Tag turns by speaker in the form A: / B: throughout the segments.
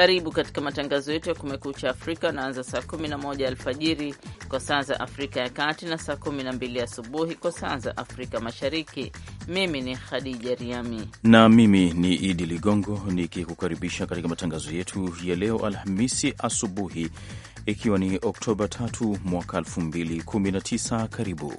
A: Karibu katika matangazo yetu ya Kumekucha Afrika anaanza saa 11 alfajiri kwa saa za Afrika ya Kati na saa 12 asubuhi kwa saa za Afrika Mashariki. Mimi ni Khadija Riami
B: na mimi ni Idi Ligongo nikikukaribisha katika matangazo yetu ya leo Alhamisi asubuhi, ikiwa ni Oktoba 3 mwaka 2019. Karibu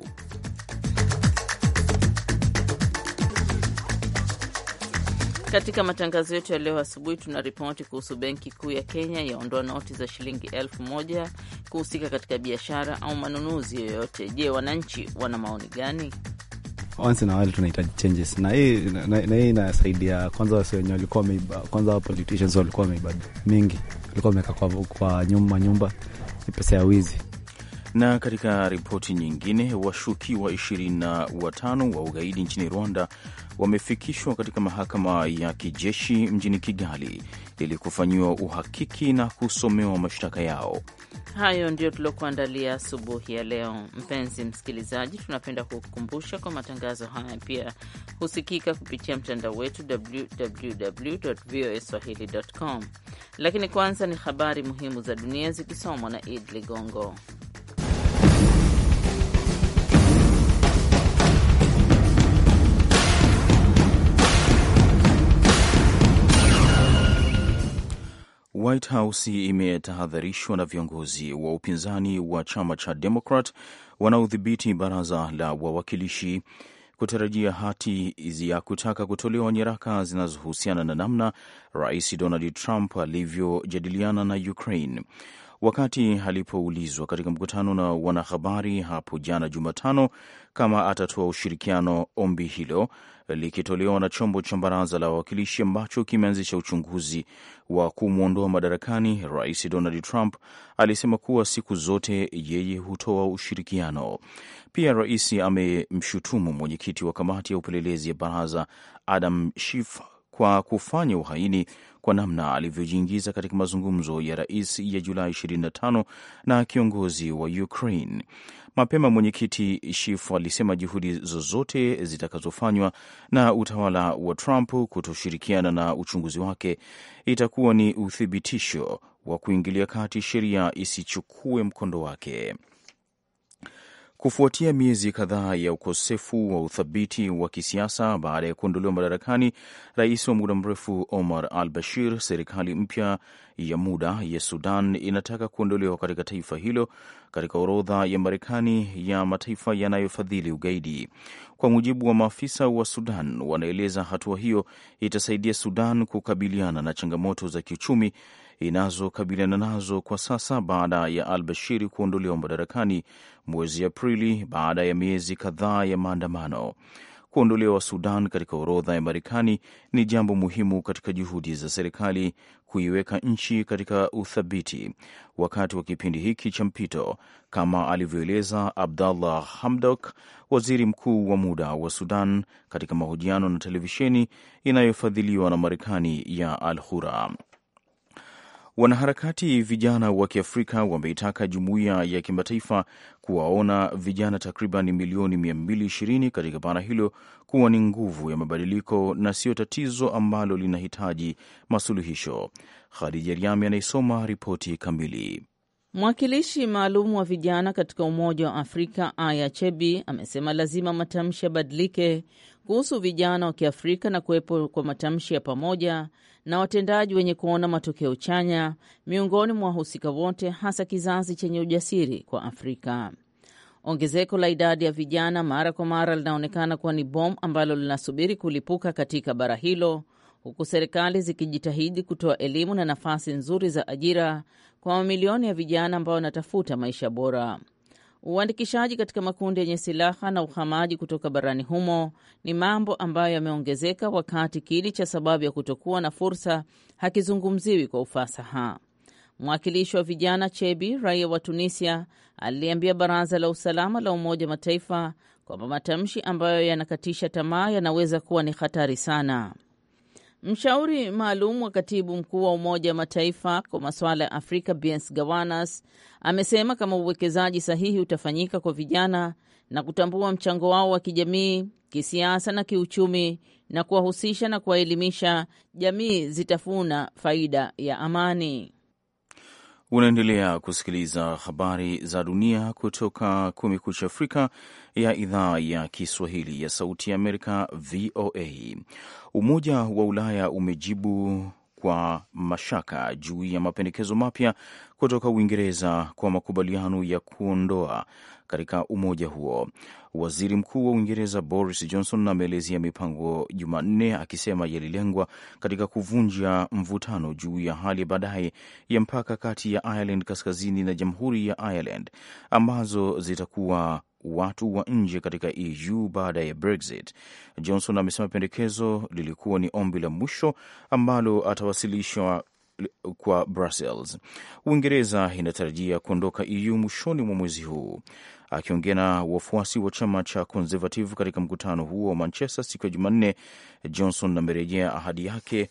A: Katika matangazo yetu ya leo asubuhi, tuna ripoti kuhusu Benki Kuu ya Kenya yaondoa noti za shilingi elfu moja kuhusika katika biashara au manunuzi yoyote. Je, wananchi wana maoni gani?
B: Once na wale tunahitaji changes, na hii na, na, inasaidia kwanza wasi wenye walikuwa wameiba, kwanza politicians walikuwa wameiba mingi, walikuwa wameweka kwa, kwa nyumba nyumba, ni pesa ya wizi na katika ripoti nyingine, washukiwa 25 wa ugaidi nchini Rwanda wamefikishwa katika mahakama ya kijeshi mjini Kigali ili kufanyiwa uhakiki na kusomewa mashtaka yao.
A: Hayo ndio tuliokuandalia asubuhi ya leo. Mpenzi msikilizaji, tunapenda kukukumbusha kwa matangazo haya pia husikika kupitia mtandao wetu www voa swahili.com. Lakini kwanza ni habari muhimu za dunia zikisomwa na Id Ligongo.
B: White House imetahadharishwa na viongozi wa upinzani wa chama cha Demokrat wanaodhibiti baraza la wawakilishi kutarajia hati ya kutaka kutolewa nyaraka zinazohusiana na namna rais Donald Trump alivyojadiliana na Ukraine wakati alipoulizwa katika mkutano na wanahabari hapo jana Jumatano kama atatoa ushirikiano, ombi hilo likitolewa na chombo cha baraza la wawakilishi ambacho kimeanzisha uchunguzi wa kumwondoa madarakani Rais Donald Trump, alisema kuwa siku zote yeye hutoa ushirikiano. Pia rais amemshutumu mwenyekiti wa kamati ya upelelezi ya baraza Adam Schiff kwa kufanya uhaini kwa namna alivyojiingiza katika mazungumzo ya rais ya Julai 25 na kiongozi wa Ukraine. Mapema mwenyekiti Schiff alisema juhudi zozote zitakazofanywa na utawala wa Trump kutoshirikiana na uchunguzi wake itakuwa ni uthibitisho wa kuingilia kati sheria isichukue mkondo wake kufuatia miezi kadhaa ya ukosefu wa uthabiti wa kisiasa baada ya kuondolewa madarakani rais wa muda mrefu Omar al Bashir. Serikali mpya ya muda ya Sudan inataka kuondolewa katika taifa hilo katika orodha ya Marekani ya mataifa yanayofadhili ugaidi. Kwa mujibu wa maafisa wa Sudan, wanaeleza hatua hiyo itasaidia Sudan kukabiliana na changamoto za kiuchumi inazokabiliana nazo kwa sasa baada ya al Bashir kuondolewa madarakani mwezi Aprili baada ya miezi kadhaa ya maandamano. Kuondolewa Sudan katika orodha ya Marekani ni jambo muhimu katika juhudi za serikali kuiweka nchi katika uthabiti wakati wa kipindi hiki cha mpito, kama alivyoeleza Abdallah Hamdok, waziri mkuu wa muda wa Sudan, katika mahojiano na televisheni inayofadhiliwa na Marekani ya Al Hura. Wanaharakati vijana wa Kiafrika wameitaka jumuiya ya kimataifa kuwaona vijana takriban milioni 220 katika bara hilo kuwa ni nguvu ya mabadiliko na sio tatizo ambalo linahitaji masuluhisho. Khadija Riami anaisoma ripoti kamili.
A: Mwakilishi maalum wa vijana katika Umoja wa Afrika Aya Chebi amesema lazima matamshi yabadilike kuhusu vijana wa Kiafrika na kuwepo kwa matamshi ya pamoja na watendaji wenye kuona matokeo chanya miongoni mwa wahusika wote, hasa kizazi chenye ujasiri kwa Afrika. Ongezeko la idadi ya vijana mara kwa mara linaonekana kuwa ni bomu ambalo linasubiri kulipuka katika bara hilo, huku serikali zikijitahidi kutoa elimu na nafasi nzuri za ajira kwa mamilioni ya vijana ambao wanatafuta maisha bora. Uandikishaji katika makundi yenye silaha na uhamaji kutoka barani humo ni mambo ambayo yameongezeka, wakati kiini cha sababu ya kutokuwa na fursa hakizungumziwi kwa ufasaha. Mwakilishi wa vijana Chebi, raia wa Tunisia, aliliambia Baraza la Usalama la Umoja wa Mataifa kwamba matamshi ambayo yanakatisha tamaa yanaweza kuwa ni hatari sana. Mshauri maalum wa katibu mkuu wa Umoja wa Mataifa kwa masuala ya Afrika Biens Gawanas amesema kama uwekezaji sahihi utafanyika kwa vijana na kutambua mchango wao wa kijamii, kisiasa na kiuchumi na kuwahusisha na kuwaelimisha, jamii zitafuna faida ya amani.
B: Unaendelea kusikiliza habari za dunia kutoka Kumekucha Afrika ya idhaa ya Kiswahili ya Sauti ya Amerika, VOA. Umoja wa Ulaya umejibu kwa mashaka juu ya mapendekezo mapya kutoka Uingereza kwa makubaliano ya kuondoa katika umoja huo. Waziri Mkuu wa Uingereza Boris Johnson ameelezea mipango Jumanne akisema yalilengwa katika kuvunja mvutano juu ya hali baadaye ya mpaka kati ya Ireland kaskazini na Jamhuri ya Ireland ambazo zitakuwa watu wa nje katika EU baada ya Brexit. Johnson amesema pendekezo lilikuwa ni ombi la mwisho ambalo atawasilishwa kwa Brussels. Uingereza inatarajia kuondoka EU mwishoni mwa mwezi huu. Akiongea na wafuasi wa chama cha Conservative katika mkutano huo wa Manchester siku ya Jumanne, Johnson amerejea ahadi yake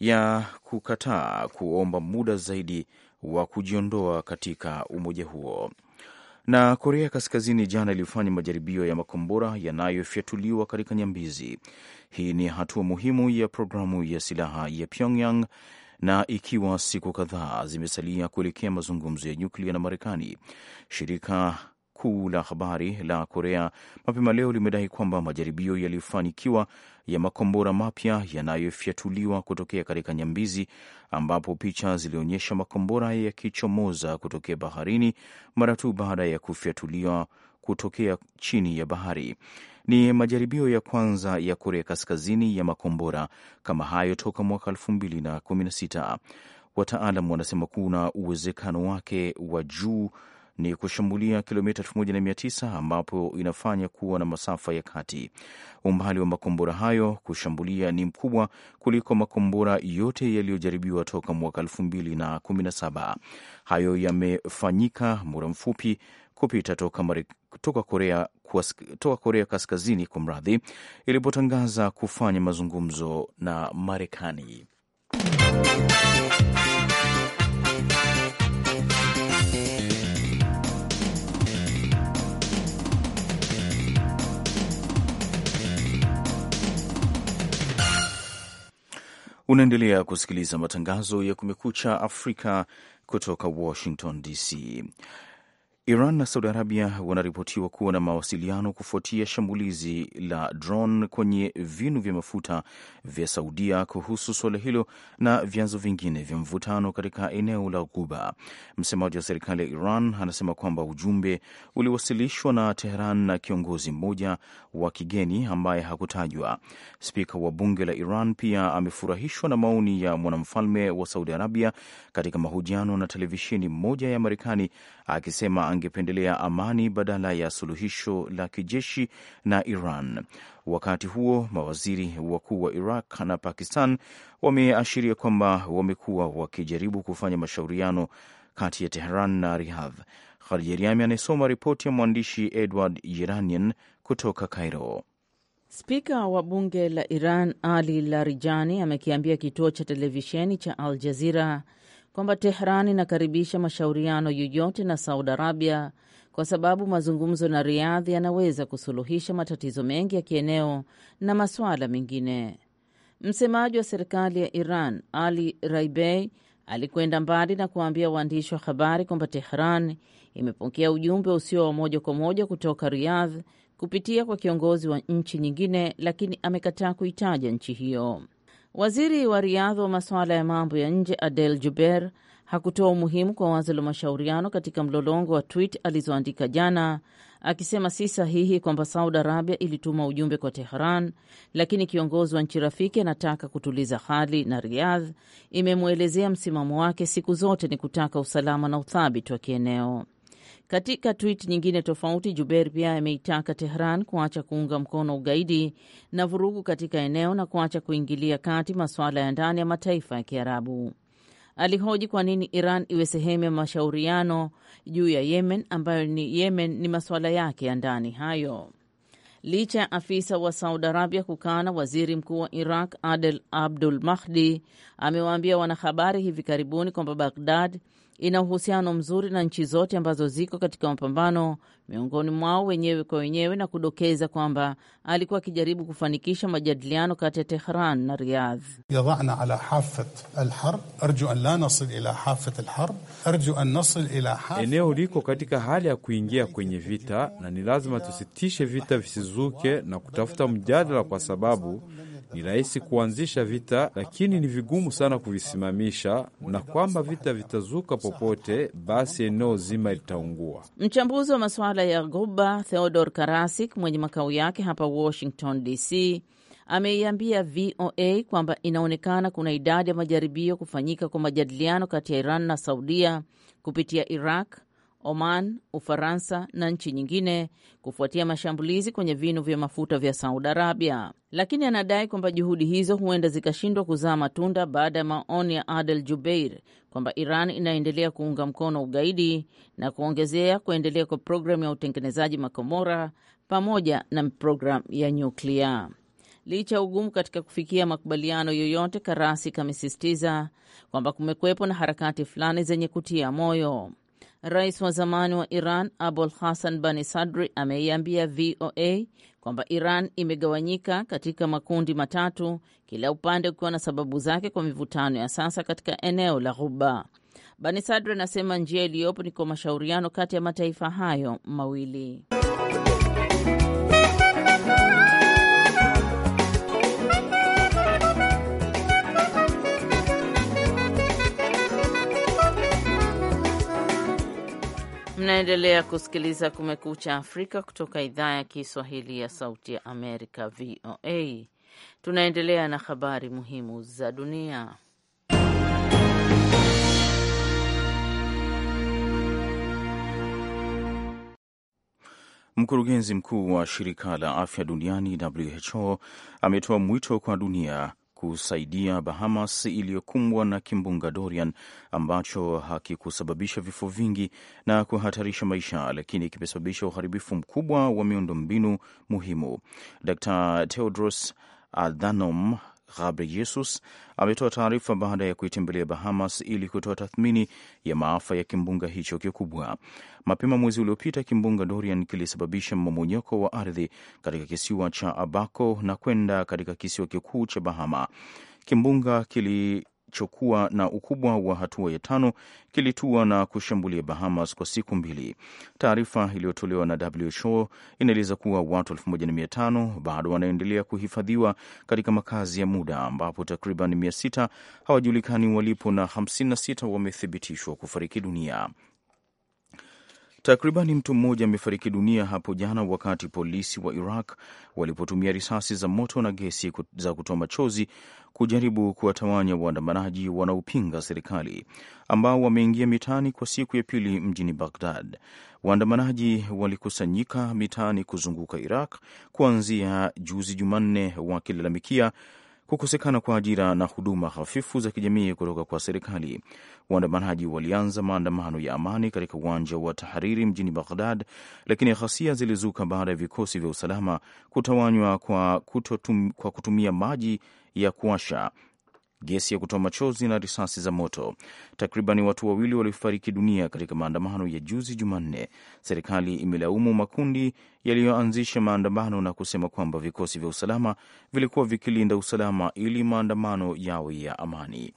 B: ya kukataa kuomba muda zaidi wa kujiondoa katika umoja huo. Na Korea Kaskazini jana ilifanya majaribio ya makombora yanayofyatuliwa katika nyambizi. Hii ni hatua muhimu ya programu ya silaha ya Pyongyang na ikiwa siku kadhaa zimesalia kuelekea mazungumzo ya nyuklia na Marekani, shirika kuu la habari la Korea mapema leo limedai kwamba majaribio yaliyofanikiwa ya makombora mapya yanayofyatuliwa kutokea katika nyambizi, ambapo picha zilionyesha makombora yakichomoza kutokea baharini mara tu baada ya kufyatuliwa kutokea chini ya bahari. Ni majaribio ya kwanza ya Korea Kaskazini ya makombora kama hayo toka mwaka sita. Wataalam wanasema kuna uwezekano wake wa juu ni kushambulia kilomita 1900 ambapo inafanya kuwa na masafa ya kati. Umbali wa makombora hayo kushambulia ni mkubwa kuliko makombora yote yaliyojaribiwa toka mwaka 2017. Hayo yamefanyika muda mfupi kupita toka, toka, Korea, toka Korea Kaskazini kwa mradhi ilipotangaza kufanya mazungumzo na Marekani. Unaendelea kusikiliza matangazo ya Kumekucha Afrika kutoka Washington DC. Iran na Saudi Arabia wanaripotiwa kuwa na mawasiliano kufuatia shambulizi la drone kwenye vinu vya mafuta vya Saudia kuhusu suala hilo na vyanzo vingine vya mvutano katika eneo la Ghuba. Msemaji wa serikali ya Iran anasema kwamba ujumbe uliwasilishwa na Teheran na kiongozi mmoja wa kigeni ambaye hakutajwa. Spika wa bunge la Iran pia amefurahishwa na maoni ya mwanamfalme wa Saudi Arabia katika mahojiano na televisheni moja ya Marekani akisema angependelea amani badala ya suluhisho la kijeshi na Iran. Wakati huo mawaziri wakuu wa Iraq na Pakistan wameashiria kwamba wamekuwa wakijaribu kufanya mashauriano kati ya teheran na Riyadh. Khadija Riami anayesoma ripoti ya mwandishi Edward Yeranian kutoka Cairo.
A: Spika wa bunge la Iran Ali Larijani amekiambia kituo cha televisheni cha Al Jazira kwamba Tehran inakaribisha mashauriano yoyote na Saudi Arabia kwa sababu mazungumzo na Riadhi yanaweza kusuluhisha matatizo mengi ya kieneo na masuala mengine. Msemaji wa serikali ya Iran Ali Raibei alikwenda mbali na kuwaambia waandishi wa habari kwamba Tehran imepokea ujumbe usio wa moja kwa moja kutoka riadh kupitia kwa kiongozi wa nchi nyingine, lakini amekataa kuitaja nchi hiyo. Waziri wa Riadha wa masuala ya mambo ya nje Adel Juber hakutoa umuhimu kwa wazo la mashauriano katika mlolongo wa tweet alizoandika jana, akisema si sahihi kwamba Saudi Arabia ilituma ujumbe kwa Teheran, lakini kiongozi wa nchi rafiki anataka kutuliza hali na riadh imemwelezea msimamo wake siku zote ni kutaka usalama na uthabiti wa kieneo. Katika twit nyingine tofauti, Juber pia ameitaka Tehran kuacha kuunga mkono ugaidi na vurugu katika eneo na kuacha kuingilia kati masuala ya ndani ya mataifa ya Kiarabu. Alihoji kwa nini Iran iwe sehemu ya mashauriano juu ya Yemen ambayo ni Yemen ni masuala yake ya ndani hayo, licha ya afisa wa Saudi Arabia kukana. Waziri mkuu wa Iraq Adel Abdul Mahdi amewaambia wanahabari hivi karibuni kwamba Baghdad ina uhusiano mzuri na nchi zote ambazo ziko katika mapambano miongoni mwao wenyewe kwa wenyewe, na kudokeza kwamba alikuwa akijaribu kufanikisha majadiliano kati ya Tehran na Riyadh.
C: yadana ala hafat alharb arju an la nasil ila hafat alharb arju an nasil ila hafat. Eneo liko katika
B: hali ya kuingia kwenye vita, na ni lazima tusitishe vita visizuke na kutafuta mjadala, kwa sababu ni rahisi kuanzisha vita, lakini ni vigumu sana kuvisimamisha, na kwamba vita vitazuka popote, basi eneo zima litaungua.
A: Mchambuzi wa masuala ya Ghuba Theodor Karasik mwenye makao yake hapa Washington DC ameiambia VOA kwamba inaonekana kuna idadi ya majaribio kufanyika kwa majadiliano kati ya Iran na Saudia kupitia Iraq Oman, Ufaransa na nchi nyingine kufuatia mashambulizi kwenye vinu vya mafuta vya Saudi Arabia, lakini anadai kwamba juhudi hizo huenda zikashindwa kuzaa matunda baada ya maoni ya Adel Jubeir kwamba Iran inaendelea kuunga mkono ugaidi na kuongezea kuendelea kwa programu ya utengenezaji makomora pamoja na programu ya nyuklia. Licha ya ugumu katika kufikia makubaliano yoyote, Karasi kamesisitiza kwamba kumekwepo na harakati fulani zenye kutia moyo. Rais wa zamani wa Iran Abul Hassan Bani Sadri ameiambia VOA kwamba Iran imegawanyika katika makundi matatu, kila upande ukiwa na sababu zake kwa mivutano ya sasa katika eneo la Ghuba. Bani Sadri anasema njia iliyopo ni kwa mashauriano kati ya mataifa hayo mawili. Mnaendelea kusikiliza Kumekucha Afrika kutoka idhaa ya Kiswahili ya Sauti ya Amerika, VOA. Tunaendelea na habari muhimu za dunia.
B: Mkurugenzi mkuu wa shirika la afya duniani WHO ametoa mwito kwa dunia kusaidia Bahamas iliyokumbwa na kimbunga Dorian ambacho hakikusababisha vifo vingi na kuhatarisha maisha, lakini kimesababisha uharibifu mkubwa wa miundombinu muhimu. Dr Tedros Adhanom Ghebreyesus ametoa taarifa baada ya kuitembelea Bahamas ili kutoa tathmini ya maafa ya kimbunga hicho kikubwa. Mapema mwezi uliopita, kimbunga Dorian kilisababisha mmomonyoko wa ardhi katika kisiwa cha Abaco na kwenda katika kisiwa kikuu cha Bahama. Kimbunga kili kilichokuwa na ukubwa wa hatua ya tano kilitua na kushambulia Bahamas kwa siku mbili. Taarifa iliyotolewa na WHO inaeleza kuwa watu 1500 bado wanaendelea kuhifadhiwa katika makazi ya muda, ambapo takriban 600 hawajulikani walipo na 56 wamethibitishwa kufariki dunia. Takribani mtu mmoja amefariki dunia hapo jana wakati polisi wa Iraq walipotumia risasi za moto na gesi za kutoa machozi kujaribu kuwatawanya waandamanaji wanaopinga serikali ambao wameingia mitaani kwa siku ya pili mjini Baghdad. Waandamanaji walikusanyika mitaani kuzunguka Iraq kuanzia juzi Jumanne wakilalamikia kukosekana kwa ajira na huduma hafifu za kijamii kutoka kwa serikali. Waandamanaji walianza maandamano ya amani katika uwanja wa Tahariri mjini Baghdad, lakini ghasia zilizuka baada ya vikosi vya usalama kutawanywa kwa, kutotum, kwa kutumia maji ya kuasha gesi ya kutoa machozi na risasi za moto. Takriban watu wawili waliofariki dunia katika maandamano ya juzi Jumanne. Serikali imelaumu makundi yaliyoanzisha maandamano na kusema kwamba vikosi vya usalama vilikuwa vikilinda usalama ili maandamano yawe ya amani.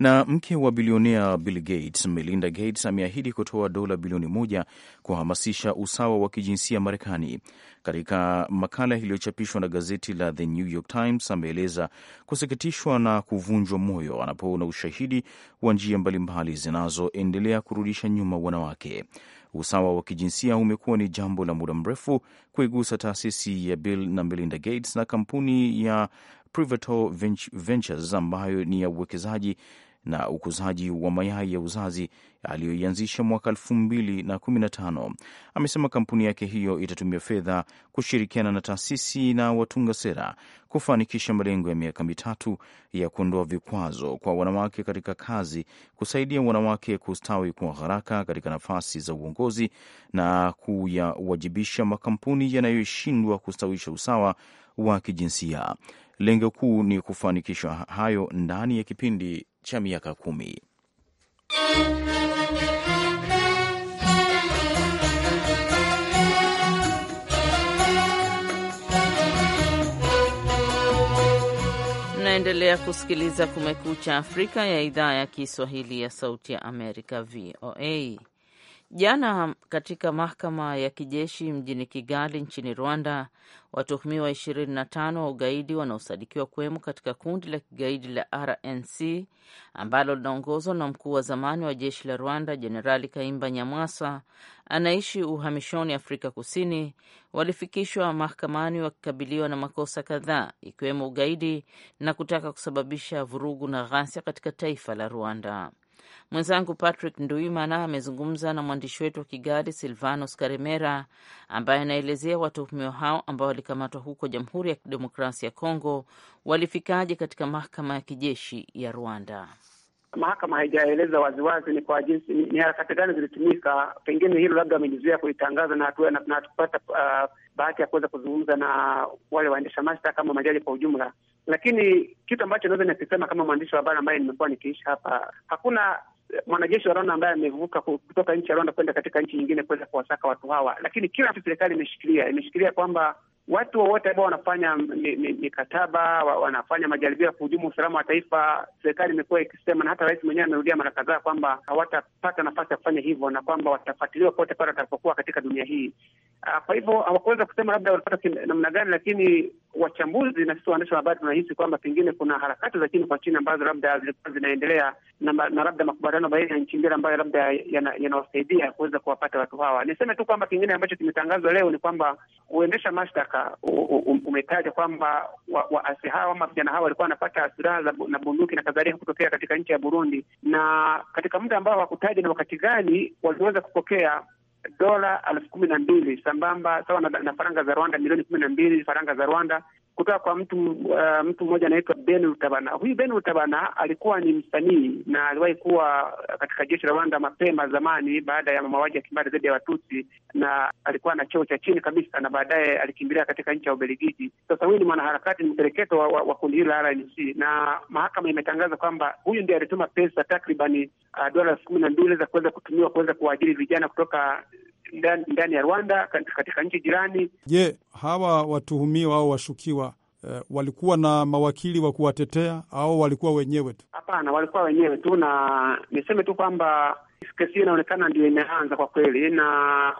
B: Na mke wa bilionea Bill Gates, Melinda Gates, ameahidi kutoa dola bilioni moja kuhamasisha usawa wa kijinsia Marekani. Katika makala iliyochapishwa na gazeti la The New York Times, ameeleza kusikitishwa na kuvunjwa moyo anapoona ushahidi wa njia mbalimbali zinazoendelea kurudisha nyuma wanawake. Usawa wa kijinsia umekuwa ni jambo la muda mrefu kuigusa taasisi ya Bill na Melinda Gates na kampuni ya Privato Ventures ambayo ni ya uwekezaji na ukuzaji wa mayai ya uzazi aliyoianzisha mwaka tano. Amesema kampuni yake hiyo itatumia fedha kushirikiana na taasisi na watunga sera kufanikisha malengo ya miaka mitatu ya kuondoa vikwazo kwa wanawake katika kazi, kusaidia wanawake kustawi kwa haraka katika nafasi za uongozi na kuyawajibisha makampuni yanayoshindwa kustawisha usawa wa kijinsia. Lengo kuu ni kufanikisha hayo ndani ya kipindi cha miaka kumi.
A: Endelea kusikiliza Kumekucha Afrika ya idhaa ya Kiswahili ya Sauti ya Amerika, VOA. Jana katika mahakama ya kijeshi mjini Kigali nchini Rwanda, watuhumiwa 25 wa ugaidi wanaosadikiwa kuwemo katika kundi la kigaidi la RNC ambalo linaongozwa na mkuu wa zamani wa jeshi la Rwanda Jenerali Kaimba Nyamwasa anaishi uhamishoni Afrika Kusini, walifikishwa mahakamani wakikabiliwa na makosa kadhaa ikiwemo ugaidi na kutaka kusababisha vurugu na ghasia katika taifa la Rwanda. Mwenzangu Patrick Nduimana amezungumza na mwandishi wetu wa Kigali, Silvanos Karemera, ambaye anaelezea watuhumiwa hao ambao walikamatwa huko Jamhuri ya Kidemokrasia ya Kongo walifikaje katika mahakama ya kijeshi ya Rwanda.
C: Mahakama haijaeleza waziwazi ni kwa jinsi ni, ni harakati gani zilitumika. Pengine hilo labda wamejizuia kuitangaza na hatua na uh, bahati ya kuweza kuzungumza na wale waendesha mashtaka kama majaji kwa ujumla, lakini kitu ambacho naweza nikisema kama mwandishi wa habari ambaye nimekuwa nikiishi hapa, hakuna mwanajeshi wa Rwanda ambaye amevuka kutoka nchi ya Rwanda kwenda katika nchi nyingine kuweza kuwasaka watu hawa, lakini kila mtu serikali imeshikilia imeshikilia kwamba watu wowote ambao wanafanya mikataba wanafanya majaribio ya kuhujumu usalama wa taifa, serikali imekuwa ikisema, na hata rais mwenyewe amerudia mara kadhaa kwamba hawatapata nafasi ya kufanya hivyo na kwamba watafuatiliwa pote pale watakapokuwa katika dunia hii. Ah, kwa hivyo hawakuweza kusema labda walipata namna gani, lakini wachambuzi na sisi waandishi wa habari tunahisi kwamba pengine kuna harakati za chini kwa chini ambazo labda zilikuwa zinaendelea na, na labda makubaliano baina ya nchi mbili ambayo labda yanawasaidia yana kuweza kuwapata watu hawa. Niseme tu kwamba kingine ambacho kimetangazwa leo ni kwamba uendesha mashtaka umetaja kwamba waasi hawa ama vijana hawa walikuwa wanapata silaha na bunduki na kadhalika kutokea katika nchi ya Burundi, na katika muda ambao hakutaja ni wakati gani waliweza kupokea dola elfu kumi na mbili sambamba sawa na, faranga za Rwanda milioni kumi na mbili faranga za Rwanda kutoka kwa mtu uh, mtu mmoja anaitwa Ben Rutabana. Huyu Ben Rutabana alikuwa ni msanii na aliwahi kuwa katika jeshi la Rwanda mapema zamani, baada ya mauaji ya kimbari dhidi ya Watusi, na alikuwa na cheo cha chini kabisa, na baadaye alikimbilia katika nchi ya Ubelgiji. Sasa huyu ni mwanaharakati, ni mpereketo wa, wa, wa kundi hili la RNC, na mahakama imetangaza kwamba huyu ndiye alituma pesa takribani uh, dola elfu kumi na mbili za kuweza kutumiwa kuweza kuwaajiri vijana kutoka ndani, ndani ya Rwanda katika nchi jirani.
B: Je, hawa watuhumiwa au washukiwa eh, walikuwa na mawakili wa kuwatetea au walikuwa wenyewe tu?
C: Hapana, walikuwa wenyewe tu, na niseme tu kwamba kesi hiyo inaonekana ndio imeanza kwa kweli, na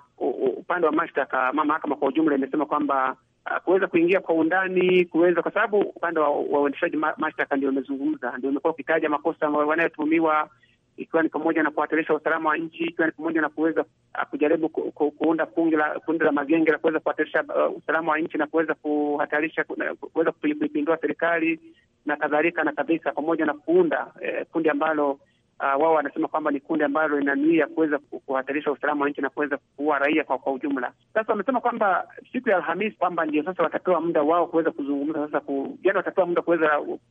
C: upande wa mashtaka mahakama kwa ujumla imesema kwamba ah, kuweza kuingia kwa undani kuweza kwa sababu upande wa uendeshaji mashtaka ndio imezungumza ndio imekuwa ukitaja makosa wanayotuhumiwa ikiwa ni pamoja na kuhatarisha usalama wa nchi, ikiwa ni pamoja na kuweza ah, kujaribu ku, ku, kuunda kundi la kundi la magenge la kuweza kuhatarisha uh, usalama wa nchi na kuweza kuhatarisha kuweza kuipindua serikali na kadhalika na kabisa pamoja na kuunda eh, kundi ambalo Uh, wao wanasema kwamba ni kundi ambalo lina nia ya kuweza kuhatarisha usalama wa nchi na kuweza kuua raia kwa, kwa ujumla. Sasa wamesema kwamba siku ya Alhamisi kwamba ndio sasa watapewa muda wao kuweza kuzungumza sasa ku, yani watapewa muda kuweza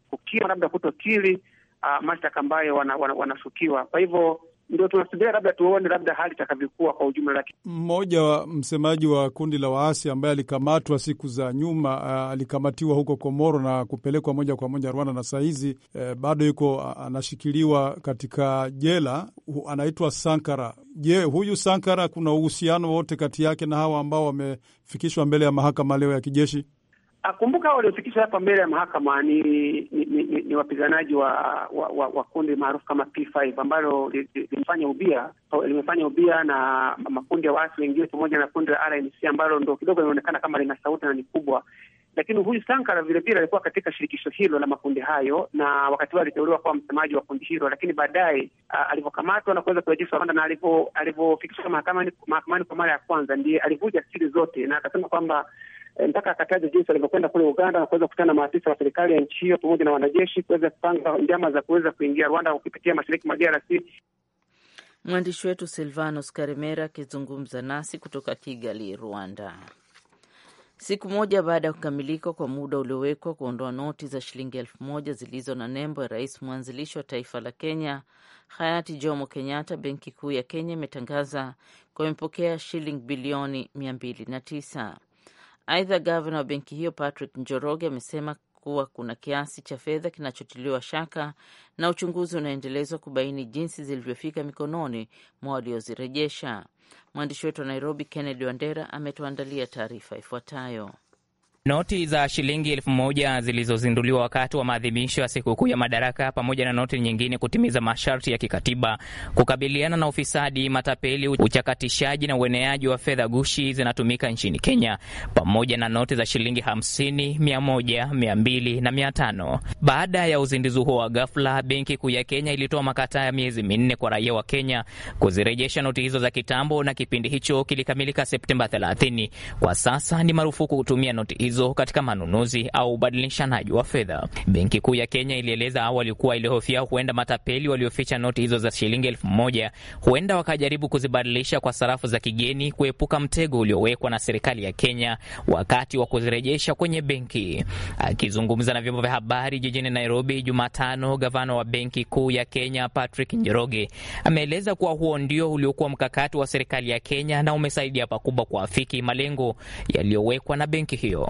C: kukiri labda kutokiri uh, mashtaka ambayo wanashukiwa wana, wana kwa hivyo ndio tunasubiria labda tuone labda hali itakavyokuwa kwa ujumla. Lakini
B: mmoja wa msemaji wa kundi la waasi ambaye alikamatwa siku za nyuma uh, alikamatiwa huko Komoro na kupelekwa moja kwa moja Rwanda na saa hizi eh, bado yuko ah, anashikiliwa katika jela uh, anaitwa Sankara. Je, huyu Sankara kuna uhusiano wote kati yake na hawa ambao wamefikishwa mbele ya mahakama leo ya kijeshi?
C: Kumbuka waliofikishwa hapa mbele ya mahakama ni ni, ni, ni wapiganaji wa, wa, wa, wa kundi maarufu kama P5 ambalo limefanya ubia limefanya ubia na makundi ya waasi wengine pamoja na kundi la RNC ambalo ndo kidogo linaonekana kama lina sauti na ni kubwa lakini huyu Sankara vilevile alikuwa katika shirikisho hilo la makundi hayo, na wakati huo aliteuliwa kuwa msemaji wa kundi hilo, lakini baadaye alivyokamatwa na kuweza kurejeshwa Rwanda na alivyofikishwa mahakamani kwa mara ya kwanza, ndiye alivuja siri zote na akasema kwamba Eh, mpaka akataja jinsi alivyokwenda kule Uganda na kuweza kukutana na maafisa wa serikali ya nchi hiyo pamoja na wanajeshi kuweza kupanga njama za kuweza kuingia Rwanda kupitia mashariki mwa DRC.
A: Mwandishi wetu Silvanos Karemera akizungumza nasi kutoka Kigali, Rwanda. Siku moja baada ya kukamilika kwa muda uliowekwa kuondoa noti za shilingi elfu moja zilizo na nembo ya rais mwanzilishi wa taifa la Kenya hayati Jomo Kenyatta, benki kuu ya Kenya imetangaza kuwa imepokea shilingi bilioni tisa Aidha, gavana wa benki hiyo Patrick Njoroge amesema kuwa kuna kiasi cha fedha kinachotiliwa shaka na uchunguzi unaendelezwa kubaini jinsi zilivyofika mikononi mwa waliozirejesha. Mwandishi wetu wa Nairobi, Kennedy Wandera, ametuandalia taarifa ifuatayo.
D: Noti za shilingi elfu moja zilizozinduliwa wakati wa maadhimisho ya sikukuu ya Madaraka pamoja na noti nyingine kutimiza masharti ya kikatiba, kukabiliana na ufisadi, matapeli, uchakatishaji na ueneaji wa fedha gushi zinatumika nchini Kenya, pamoja na noti za shilingi hamsini, mia moja, mia mbili na mia tano. Baada ya uzinduzi huo wa ghafla, Benki Kuu ya Kenya ilitoa makataa ya miezi minne kwa raia wa Kenya kuzirejesha noti hizo za kitambo, na kipindi hicho kilikamilika Septemba 30. Kwa sasa ni marufuku kutumia noti hizo hizo katika manunuzi au ubadilishanaji wa fedha. Benki Kuu ya Kenya ilieleza awali kuwa ilihofia huenda matapeli walioficha noti hizo za shilingi elfu moja huenda wakajaribu kuzibadilisha kwa sarafu za kigeni kuepuka mtego uliowekwa na serikali ya Kenya wakati wa kuzirejesha kwenye benki. Akizungumza na vyombo vya habari jijini Nairobi Jumatano, gavana wa Benki Kuu ya Kenya Patrick Njoroge ameeleza kuwa huo ndio uliokuwa mkakati wa serikali ya Kenya na umesaidia pakubwa kuafiki malengo yaliyowekwa na benki hiyo.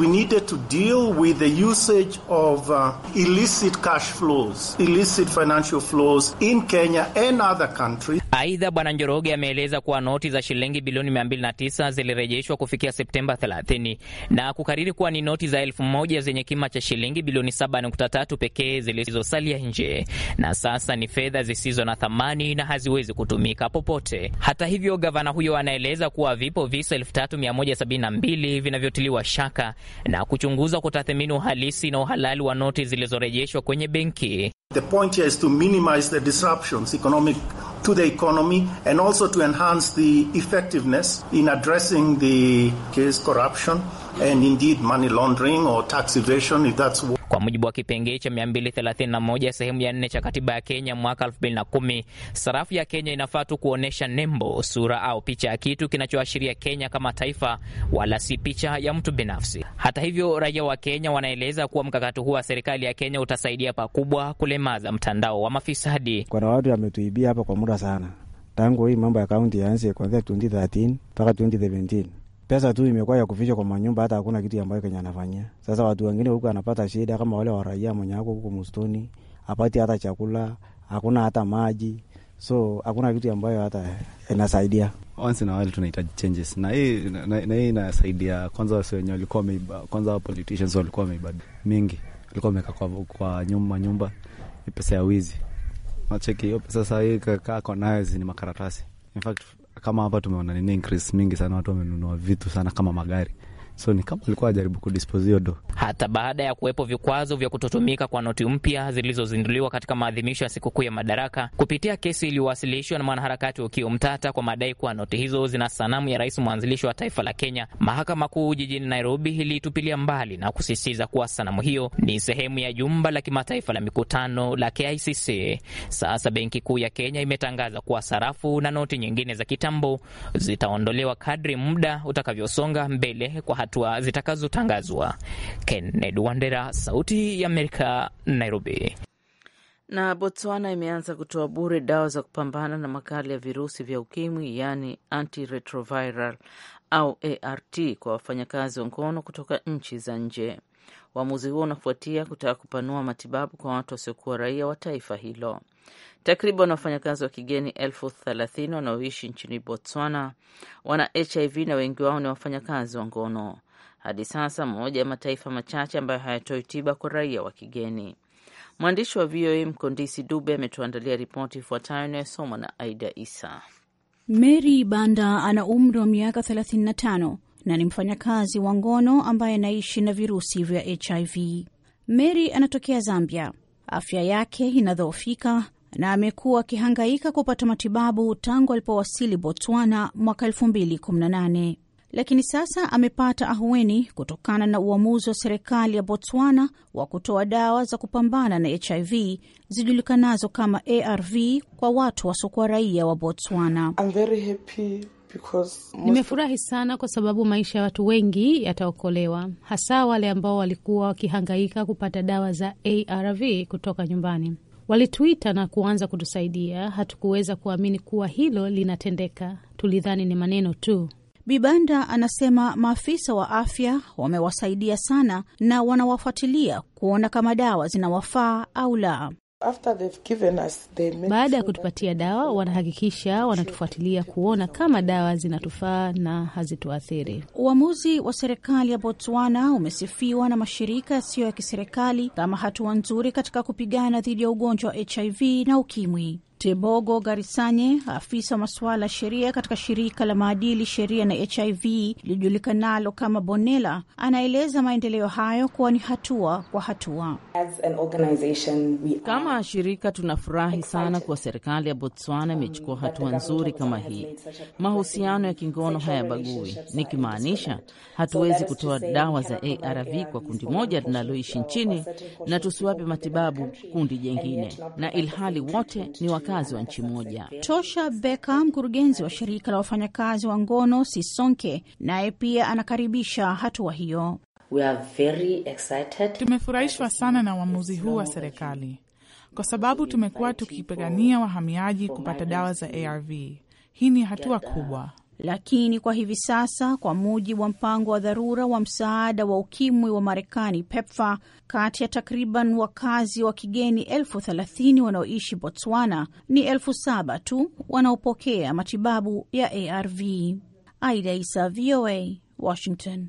B: We needed to deal with the usage of uh, illicit cash flows, illicit financial flows in Kenya and other countries.
D: Aidha, Bwana Njoroge ameeleza kuwa noti za shilingi bilioni 209 zilirejeshwa kufikia Septemba 30 na kukariri kuwa ni noti za elfu moja zenye kima cha shilingi bilioni 7.3 pekee zilizosalia nje na sasa ni fedha zisizo na thamani na haziwezi kutumika popote. Hata hivyo, gavana huyo anaeleza kuwa vipo visa 3172 vinavyotiliwa shaka na kuchunguza kutathmini uhalisi na uhalali wa noti zilizorejeshwa kwenye benki.
B: The point here is to minimize the disruptions economic to the economy and also to enhance the effectiveness in addressing the case corruption and indeed money laundering or tax evasion if that's what... Kwa mujibu wa
D: kipengee cha 231 sehemu ya nne cha katiba ya Kenya mwaka 2010, sarafu ya Kenya inafaa tu kuonyesha nembo, sura au picha ya kitu kinachoashiria Kenya kama taifa, wala si picha ya mtu binafsi. Hata hivyo, raia wa Kenya wanaeleza kuwa mkakati huu wa serikali ya Kenya utasaidia pakubwa kulemaza mtandao wa
B: mafisadi. Kuna watu wametuibia hapa kwa muda sana, tangu hii mambo ya kaunti yaanze kuanzia 2013 mpaka 2017 pesa tu imekuwa ya kufisha kwa manyumba, hata hakuna kitu ambayo kenye anafanyia. Sasa watu wengine huku anapata shida, kama wale waraia mwenye ako huku mustoni, apati hata chakula, hakuna hata maji, so hakuna kitu ambayo hata inasaidia. Once in a while tunahitaji changes, na hii na na, hii inasaidia. Kwanza wasi wenye walikuwa wameiba, kwanza politicians walikuwa wameiba mingi, walikuwa wameka kwa, kwa nyumba nyumba, pesa ya wizi, wacheki hiyo pesa. sahii kakaa kwa nayo ni makaratasi in fact kama hapa tumeona nini increase mingi sana, watu wamenunua vitu sana kama magari so ni kama walikuwa wajaribu kudispose hiyo do.
D: Hata baada ya kuwepo vikwazo vya kutotumika kwa noti mpya zilizozinduliwa katika maadhimisho ya sikukuu ya Madaraka kupitia kesi iliyowasilishwa na mwanaharakati ukio Mtata kwa madai kuwa noti hizo zina sanamu ya rais mwanzilishi wa taifa la Kenya, mahakama kuu jijini Nairobi iliitupilia mbali na kusisitiza kuwa sanamu hiyo ni sehemu ya jumba la kimataifa la mikutano la KICC. Sasa Benki Kuu ya Kenya imetangaza kuwa sarafu na noti nyingine za kitambo zitaondolewa kadri muda utakavyosonga mbele kwa hatua zitakazotangazwa. Kennedy Wandera, Sauti ya Amerika, Nairobi.
A: Na Botswana imeanza kutoa bure dawa za kupambana na makali ya virusi vya ukimwi, yaani antiretroviral au ART kwa wafanyakazi wa ngono kutoka nchi za nje. Uamuzi huo unafuatia kutaka kupanua matibabu kwa watu wasiokuwa raia wa taifa hilo. Takriban wafanyakazi wa kigeni elfu thelathini wanaoishi nchini Botswana wana HIV na wengi wao ni wafanyakazi wa ngono. Hadi sasa moja ya mataifa machache ambayo hayatoi tiba kwa raia wa kigeni. Mwandishi wa VOA Mkondisi Dube ametuandalia ripoti ifuatayo inayosomwa na Aida Isa.
E: Mary Banda ana umri wa miaka 35 na ni mfanyakazi wa ngono ambaye anaishi na virusi vya HIV. Mary anatokea Zambia. Afya yake inadhoofika na amekuwa akihangaika kupata matibabu tangu alipowasili Botswana mwaka 2018 lakini sasa amepata ahueni kutokana na uamuzi wa serikali ya Botswana wa kutoa dawa za kupambana na HIV zijulikanazo kama ARV kwa watu wasiokuwa raia wa Botswana. Nimefurahi sana kwa sababu maisha ya watu wengi yataokolewa, hasa wale ambao walikuwa wakihangaika kupata dawa za ARV kutoka nyumbani. Walituita na kuanza kutusaidia. Hatukuweza kuamini kuwa hilo linatendeka, tulidhani ni maneno tu. Bibanda anasema maafisa wa afya wamewasaidia sana na wanawafuatilia kuona kama dawa zinawafaa au la. Baada ya kutupatia dawa, wanahakikisha wanatufuatilia kuona kama dawa zinatufaa na hazituathiri. Uamuzi wa serikali ya Botswana umesifiwa na mashirika yasiyo ya kiserikali kama hatua nzuri katika kupigana dhidi ya ugonjwa wa HIV na UKIMWI. Tebogo Garisanye, afisa wa masuala ya sheria katika shirika la maadili, sheria na HIV lilijulikanalo kama Bonela, anaeleza maendeleo hayo kuwa ni hatua kwa hatua.
A: Kama shirika tunafurahi sana kuwa serikali ya Botswana um, imechukua hatua nzuri kama hii. Mahusiano ya kingono hayabagui, nikimaanisha hatuwezi kutoa dawa za ARV kwa kundi moja linaloishi nchini na tusiwape matibabu kundi jengine, na ilhali wote ni wakati wafanyakazi wa nchi moja.
E: Tosha Beka, mkurugenzi wa shirika la wafanyakazi wa ngono Sisonke, naye pia anakaribisha hatua hiyo. Tumefurahishwa sana na uamuzi huu wa serikali kwa sababu tumekuwa tukipigania wahamiaji kupata dawa za ARV. Hii ni hatua kubwa lakini kwa hivi sasa, kwa mujibu wa mpango wa dharura wa msaada wa ukimwi wa Marekani, pepfa kati ya takriban wakazi wa kigeni elfu thelathini wanaoishi Botswana ni elfu saba tu wanaopokea matibabu ya ARV. Aida Isa, VOA, Washington.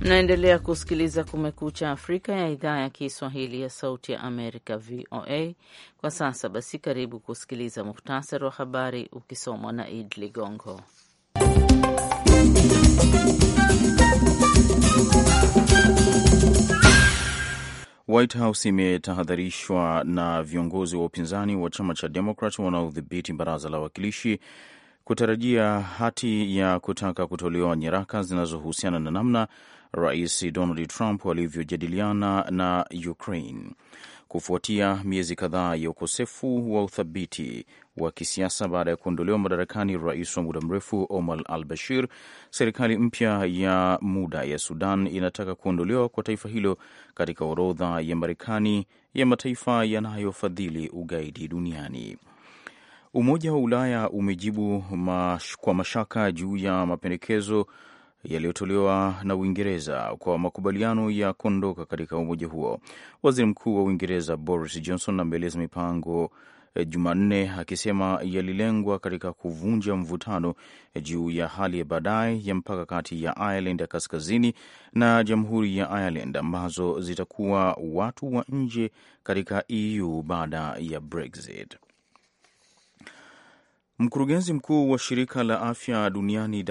A: Mnaendelea kusikiliza Kumekucha Afrika ya idhaa ya Kiswahili ya Sauti ya Amerika, VOA. Kwa sasa basi, karibu kusikiliza muhtasari wa habari ukisomwa na Id Ligongo.
B: White House imetahadharishwa na viongozi wa upinzani wa chama cha Demokrat wanaodhibiti baraza la wawakilishi kutarajia hati ya kutaka kutolewa nyaraka zinazohusiana na namna Rais Donald Trump walivyojadiliana na Ukraine kufuatia miezi kadhaa ya ukosefu wa uthabiti wa kisiasa baada ya kuondolewa madarakani rais wa muda mrefu Omar al Bashir. Serikali mpya ya muda ya Sudan inataka kuondolewa kwa taifa hilo katika orodha ya Marekani ya mataifa yanayofadhili ugaidi duniani. Umoja wa Ulaya umejibu mash, kwa mashaka juu ya mapendekezo yaliyotolewa na Uingereza kwa makubaliano ya kuondoka katika umoja huo. Waziri Mkuu wa Uingereza Boris Johnson ameeleza mipango eh, Jumanne akisema yalilengwa katika kuvunja mvutano eh, juu ya hali ya baadaye ya mpaka kati ya Ireland ya kaskazini na jamhuri ya Ireland ambazo zitakuwa watu wa nje katika EU baada ya Brexit. Mkurugenzi mkuu wa shirika la afya duniani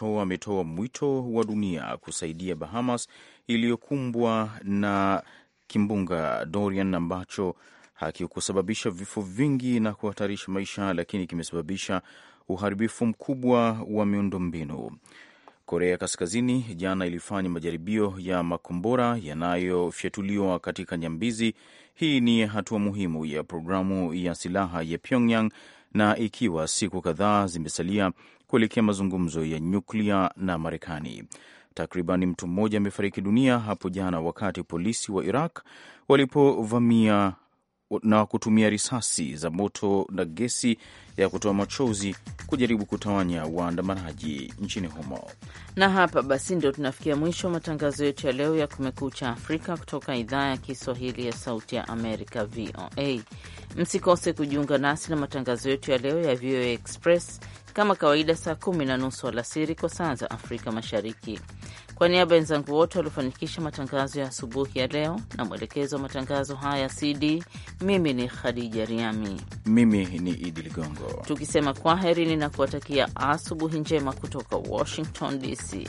B: WHO ametoa mwito wa dunia kusaidia Bahamas iliyokumbwa na kimbunga Dorian ambacho hakikusababisha vifo vingi na kuhatarisha maisha, lakini kimesababisha uharibifu mkubwa wa miundombinu. Korea Kaskazini jana ilifanya majaribio ya makombora yanayofyatuliwa katika nyambizi. Hii ni hatua muhimu ya programu ya silaha ya Pyongyang na ikiwa siku kadhaa zimesalia kuelekea mazungumzo ya nyuklia na Marekani. Takriban mtu mmoja amefariki dunia hapo jana wakati polisi wa Iraq walipovamia na kutumia risasi za moto na gesi ya kutoa machozi kujaribu kutawanya waandamanaji nchini humo.
A: Na hapa basi ndio tunafikia mwisho wa matangazo yetu ya leo ya Kumekucha Afrika kutoka idhaa ya Kiswahili ya Sauti ya Amerika, VOA. Msikose kujiunga nasi na matangazo yetu ya leo ya VOA Express kama kawaida, saa kumi na nusu alasiri kwa saa za Afrika Mashariki. Kwa niaba ya wenzangu wote waliofanikisha matangazo ya asubuhi ya leo na mwelekezo wa matangazo haya CD, mimi ni Khadija Riami,
B: mimi ni Idi Ligongo,
A: tukisema kwa heri ninakuwatakia asubuhi njema kutoka Washington DC.